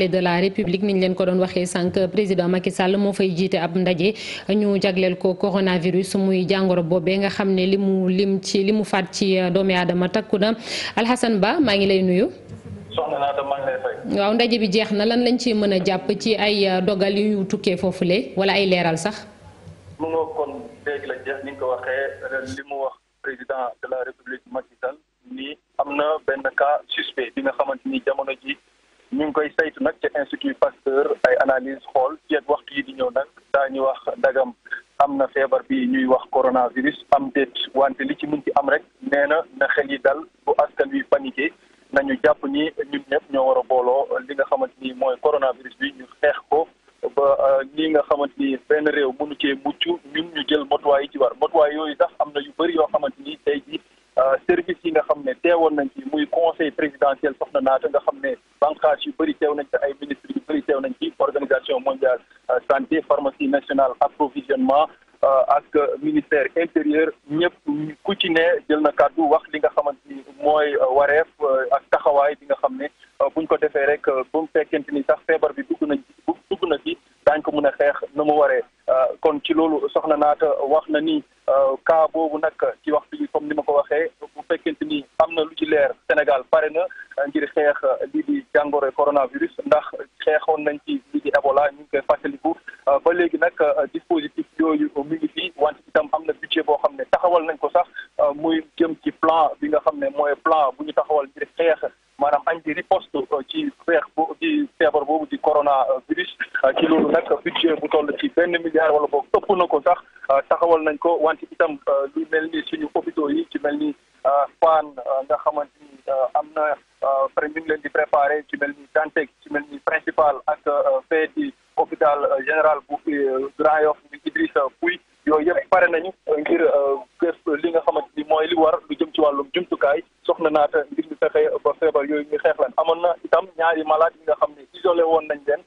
clé de la république niñ leen ko doon waxee sànq président Macky Sall moo fay jiite ab ndaje ñu jagleel ko coronavirus muy jàngoro boobee nga xam ne li mu lim ci li mu faat ci euh, doomi aadama takku na Alhassane Ba maa ngi lay nuyu. soxna waaw ndaje bi jeex na lan lañ ci mën a jàpp ci ay euh, dogal yu tukkee foofule wala ay leeral sax. Institut Pasteur ay analyse xool ci waxtu yi di ñëw nag daañu wax dagam am na feebar bi ñuy wax coronavirus am déet wante li ci mën ci am rek nee na na xel yi dal bu askan wi paniqué nañu jàpp ni ñun ñëpp ñoo war a booloo li nga xamante ni mooy coronavirus bi ñu xeex ko ba euh, li nga xamante ni benn réew mënu cee mucc ñun ñu jël motuwaay yi ci war motuwaay yooyu sax am na yu bëri yoo xamante ni tey ji euh, service yi nga xam ne teewoon nañ ci muy conseil présidentiel soxna naata nga xam ne bànqaas yu bëri teew ay pharmacie nationale approvisionnement euh, ak ministère intérieur ñëpp ku ci ne jël na kàddu wax li nga xamante ni mooy euh, wareef euh, ak taxawaay bi nga xam ne buñ ko defee rek bu mu fekkente ni sax feebar bi dugg nañ dugg na ci daañ ko mën a xeex na mu waree kon ci loolu soxna naata wax na ni cas boobu nag ci waxtu bi comme ni ma ko wax Euh, ba léegi nag euh, dispositif yooyu mi ngi fi wante itam am na budget boo xam ne taxawal nañ ko sax euh, muy jëm ci plan bi nga xam ne mooy plan bu ñu taxawal ngir xeex maanaam anti riposte ci feex bo ci feebar boobu di coronavirus ci loolu nag budget bu toll ci benn milliard wala boog ëpp na ko sax taxawal nañ ko wante itam lu mel ni suñu hôpitaux yi ci mel ni Fann nga xamante ni am na pare ñu ngi leen di préparé ci mel ni Dantec ci mel ni principal ak fee hôpital euh, général bu euh, Grand Yoff bi Idrissa Pouy yooyu yëpp pare nañu euh, ngir li nga xamante ni mooy li war lu jëm ci wàllum jumtukaay soxna naata ngir ñu fexe ba feebar yooyu ñu xeex lan amoon na itam ñaari malade yi nga xam ne isolé woon nañ leen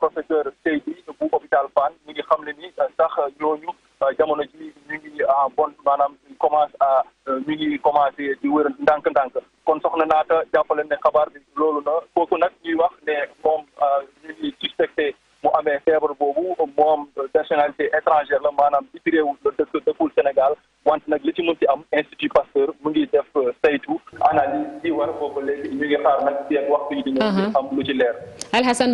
professeur Seydi bu hôpital Fann ñu ngi xam ne ni sax ñooñu jamono ji ñu ngi bon maanaam commence a ñu ngi commencé di wër ndànk-ndànk kon soxna naata jàppale ne xabaar bi loolu na kooku nag ñuy wax ne moom ñu ngi amee feebar boobu moom nationalité étrangère la maanaam ci réew la dëkk mu ngi def euh, saytu analyse yi uh-huh.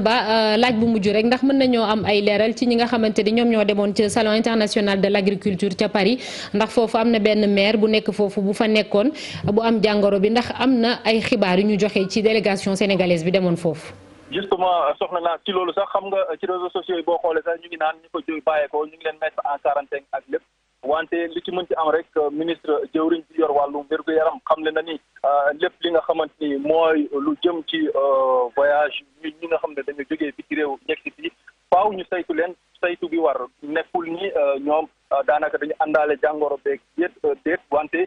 Ba euh, laaj bu mujj rek ndax mën nañoo am ay leeral ci ñi nga xamante ni ñoom ñoo demoon ci salon international de l'agriculture ca Paris ndax foofu am na benn maire bu nekk foofu bu fa nekkoon bu am jàngoro bi ndax am na ay xibaar yu ñu joxe ci délégation sénégalaise bi demoon foofu justement euh, soxna naa ci loolu sax xam nga euh, ci réseaux sociaux yi boo xoolee sax ñu ngi naan ñu ko jóg bàyyeekoo ñu ngi leen mettre en quarantaine ak lépp wante li ci mën ci am rek euh, ministre jëwriñ bi yor wàllu wér-gu-yaram xam ne na ni lépp li nga xamante ni mooy lu jëm ci voyage ñu ñi nga xam ne dañu jógee bi ci réew njëkk yi faaw ñu saytu leen saytu bi war nekkul ni ñoom daanaka dañu àndaale jàngoro beeg yéet déet wante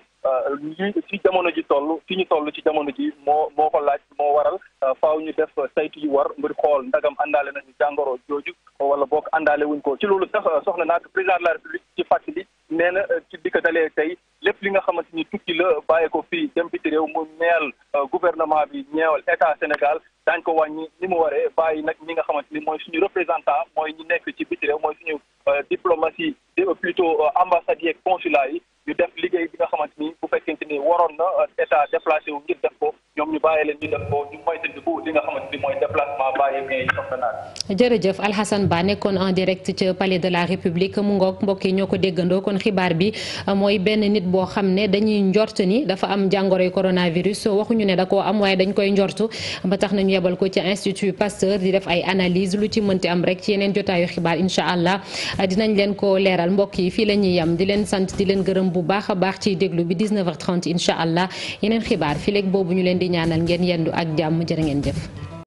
li ci jamono ji toll fi ñu toll ci jamono ji moo moo ko laaj moo waral Euh, faaw ñu def saytu yu war mbir xool ndagam àndaale nañu jàngoro jooju wala boog àndaale wuñ ko ci loolu sax euh, soxna naag président de la république ci fàttali nee na euh, ci di ko dalee tey lépp li nga xamante ni tukki la bàyyee ko fii dem biti réew mu ñeel gouvernement bi ñeewal état Sénégal daañ ko wàññi ni mu waree bàyyi nag ñi nga xamante ni mooy suñu représentant mooy ñi nekk ci biti réew mooy suñu diplomatie plutôt ambassade yeeg consulat yi ñu def liggéey bi nga xamante ni bu fekkente ni waroon na état déplacé ñoom ñu bàyyi leen ñu def ko ñu moytandiku li nga mooy déplacement va et jërëjëf Alhassane Ba nekkoon en direct ca palais de la république mu ngook mbokk yi ñoo ko déggandoo kon xibaar bi mooy benn nit boo xam ne dañuy njort ni dafa am jàngoroy coronavirus waxuñu ne da koo am waaye dañu koy njortu ba tax nañu yebal ko ci institut Pasteur di def ay analyse lu ci mënti am rek ci yeneen jotaayu xibaar incha allah dinañ leen ko leeral mbokk yi fii la ñuy yam di leen sant di leen gërëm bu baax a baax ci déglu bi 19h30 incha allah yeneen xibaar fii boobu ñu leen di ñaanal ngeen yendu ak jàmm jërë ngeen jëf.